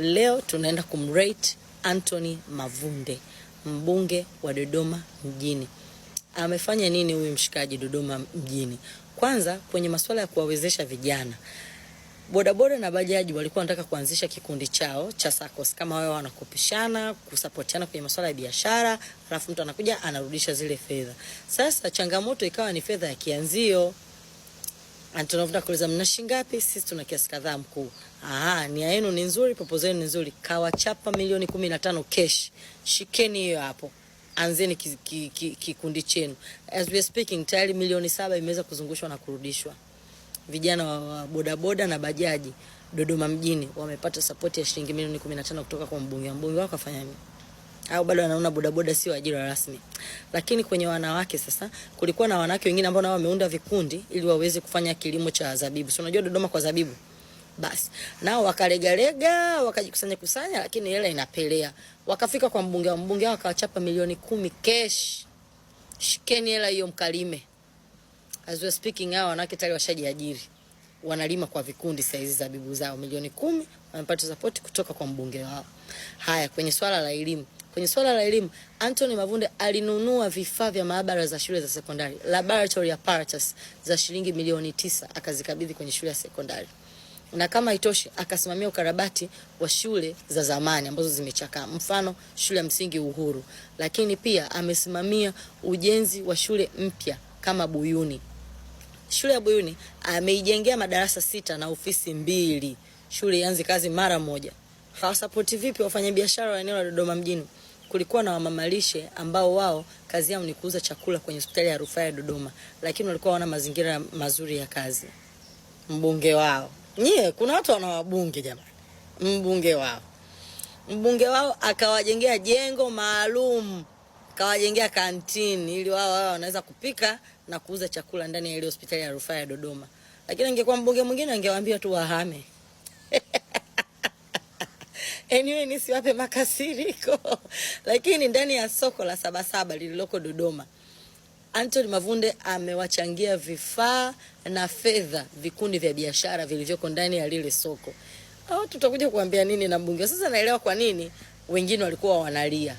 Leo tunaenda kumrate Anthony Mavunde, mbunge wa Dodoma mjini. Amefanya nini huyu mshikaji Dodoma mjini? Kwanza kwenye masuala ya kuwawezesha vijana bodaboda na bajaji walikuwa wanataka kuanzisha kikundi chao cha SACCOS kama wao wanakopishana kusapotiana kwenye masuala ya biashara, alafu mtu anakuja anarudisha zile fedha. Sasa changamoto ikawa ni fedha ya kianzio. Tunavuta kuuliza mnashi ngapi? Sisi tuna kiasi kadhaa mkuu. Aha, nia yenu ni nzuri, popo zenu ni nzuri. Kawachapa milioni 15 cash. Shikeni hiyo hapo. Anzeni kikundi ki, ki, ki chenu. As we are speaking tayari milioni saba imeweza kuzungushwa na kurudishwa. Vijana wa bodaboda boda na bajaji Dodoma mjini wamepata support ya shilingi milioni 15 kutoka kwa mbunge. Mbunge wao kafanya nini? au bado anaona bodaboda sio ajira rasmi. Lakini kwenye wanawake sasa, kulikuwa na wanawake wengine ambao nao wameunda vikundi ili waweze kufanya kilimo cha zabibu. Si unajua Dodoma kwa zabibu basi nao wakalegalega wakajikusanya kusanya, lakini hela inapelea. Wakafika kwa mbunge wa mbunge wao akawachapa milioni kumi cash. shikeni hela hiyo mkalime. As we speaking, hao wanawake tayari washajiajiri, wanalima kwa vikundi saizi zabibu zao. Milioni kumi wamepata support kutoka kwa mbunge wao. Haya, kwenye swala la elimu Kwenye swala la elimu, Anthony Mavunde alinunua vifaa vya maabara za shule za sekondari, laboratory apparatus za shilingi milioni tisa akazikabidhi kwenye shule ya sekondari, na kama itoshi akasimamia ukarabati wa shule za zamani ambazo zimechakaa, mfano shule ya msingi Uhuru, lakini pia amesimamia ujenzi wa shule mpya kama Buyuni. Shule ya Buyuni ameijengea madarasa sita na ofisi mbili. Shule ianze kazi mara moja. Hawasapoti vipi wafanyabiashara wa eneo la Dodoma mjini? kulikuwa na wamamalishe ambao wao kazi yao ni kuuza chakula kwenye hospitali ya rufaa ya Dodoma, lakini walikuwa wana mazingira mazuri ya kazi. Mbunge wao nyie, kuna watu wana wabunge jamani, mbunge wao mbunge wao akawajengea jengo maalum, akawajengea kantini ili wao wao wanaweza kupika na kuuza chakula ndani ya ile hospitali ya rufaa ya Dodoma. Lakini ingekuwa mbunge mwingine angewaambia tu wahame. Anyway, nisiwape makasiriko lakini ndani ya soko la Sabasaba lililoko Dodoma, Anthony Mavunde amewachangia vifaa na fedha vikundi vya biashara vilivyoko ndani ya lile soko. Au tutakuja kuambia nini na mbunge. Sasa naelewa kwa nini wengine walikuwa wanalia.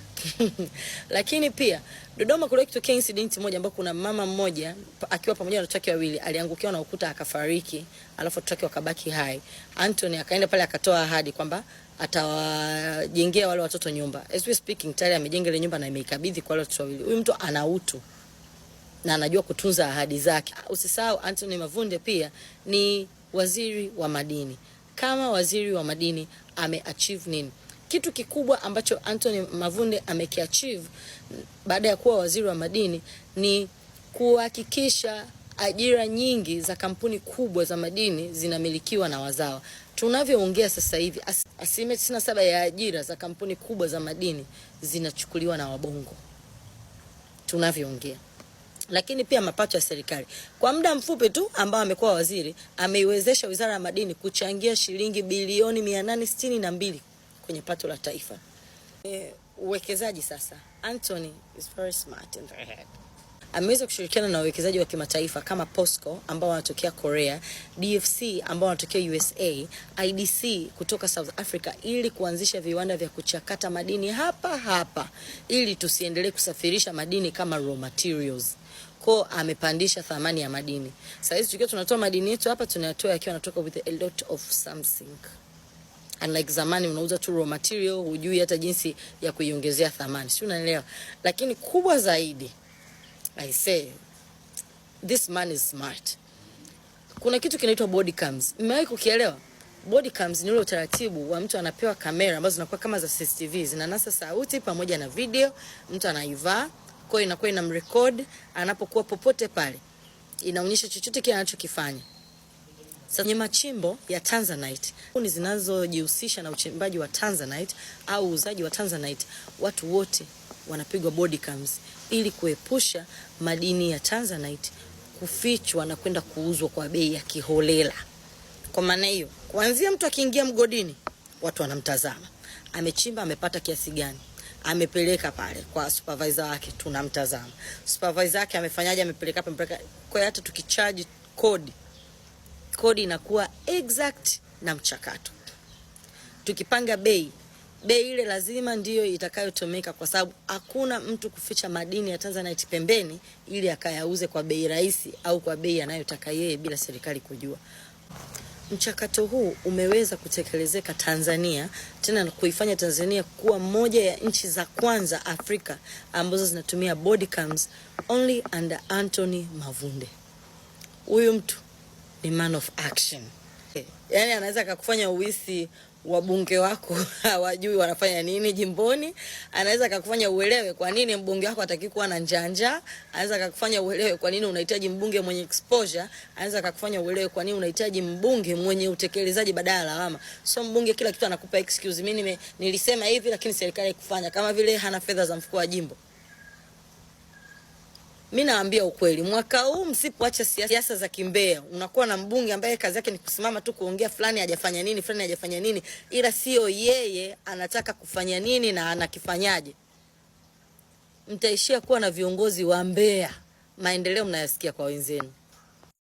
Lakini pia Dodoma kulikuwa kitokea incident moja ambapo kuna mama mmoja akiwa pamoja na watoto wake wawili aliangukiwa na ukuta akafariki, alafu watoto wake wakabaki hai. Anthony akaenda pale akatoa ahadi kwamba atawajengea wale watoto nyumba. As we speaking tayari amejenga ile nyumba na imeikabidhi kwa wale watoto wawili. Huyu mtu ana utu na anajua kutunza ahadi zake. Usisahau Anthony Mavunde pia ni waziri wa madini. Kama waziri wa madini ameachieve nini? Kitu kikubwa ambacho Anthony Mavunde amekiachieve baada ya kuwa waziri wa madini ni kuhakikisha ajira nyingi za kampuni kubwa za madini zinamilikiwa na wazawa tunavyoongea sasa hivi asilimia tisini na saba ya ajira za kampuni kubwa za madini zinachukuliwa na wabongo tunavyoongea lakini pia mapato ya serikali kwa muda mfupi tu ambao amekuwa waziri ameiwezesha wizara ya madini kuchangia shilingi bilioni mia nane sitini na mbili kwenye pato la taifa. E, uwekezaji sasa. Anthony is very smart in the head ameweza kushirikiana na wawekezaji wa kimataifa kama POSCO ambao wanatokea Korea, DFC ambao wanatokea USA, IDC kutoka South Africa ili kuanzisha viwanda vya kuchakata madini hapa hapa ili tusiendelee kusafirisha madini kama raw materials. Ko amepandisha thamani ya madini. Sasa hizi tukiwa tunatoa madini yetu hapa tunayatoa yakiwa yanatoka with a lot of something. Unlike zamani unauza tu raw material, hujui hata jinsi ya kuiongezea thamani. Si unaelewa? Lakini kubwa zaidi I say this man is smart. Kuna kitu kinaitwa body cams. Mmewahi kukielewa? Body cams ni ule utaratibu wa mtu anapewa kamera ambazo zinakuwa kama za CCTV, zinanasa sauti pamoja na video, mtu anaivaa, kwa hiyo inakuwa inamrecord anapokuwa popote pale. Inaonyesha chochote kile anachokifanya. Sasa kwenye machimbo ya Tanzanite, kuni zinazojihusisha na uchimbaji wa Tanzanite au uuzaji wa Tanzanite, watu wote wanapigwa body cams ili kuepusha madini ya Tanzanite kufichwa na kwenda kuuzwa kwa bei ya kiholela. Kwa maana hiyo, kuanzia mtu akiingia mgodini, watu wanamtazama amechimba, amepata kiasi gani, amepeleka pale kwa supervisor wake, tunamtazama supervisor wake amefanyaje, amepeleka pale, mpeleka kwa. Hata tukicharge kodi, kodi inakuwa exact na mchakato. Tukipanga bei bei ile lazima ndiyo itakayotumika, kwa sababu hakuna mtu kuficha madini ya Tanzanite pembeni ili akayauze kwa bei rahisi au kwa bei anayotaka yeye bila serikali kujua. Mchakato huu umeweza kutekelezeka Tanzania tena na kuifanya Tanzania kuwa moja ya nchi za kwanza Afrika ambazo zinatumia body cams only under Anthony Mavunde. Huyu mtu ni man of action, yaani anaweza akakufanya uhisi wabunge wako hawajui wanafanya nini jimboni. Anaweza akakufanya uelewe kwa nini mbunge wako hataki kuwa na njanja. Anaweza akakufanya uelewe kwa nini unahitaji mbunge mwenye exposure. Anaweza akakufanya uelewe kwa nini unahitaji mbunge mwenye utekelezaji badala ya lawama. So mbunge kila kitu anakupa excuse, mimi nilisema hivi, lakini serikali haikufanya, kama vile hana fedha za mfuko wa jimbo mi naambia ukweli, mwaka huu msipoacha siasa za kimbea, unakuwa na mbunge ambaye kazi yake ni kusimama tu kuongea fulani hajafanya nini, fulani hajafanya nini, ila sio yeye anataka kufanya nini na anakifanyaje. Mtaishia kuwa na viongozi wa mbea. Maendeleo mnayasikia kwa wenzenu.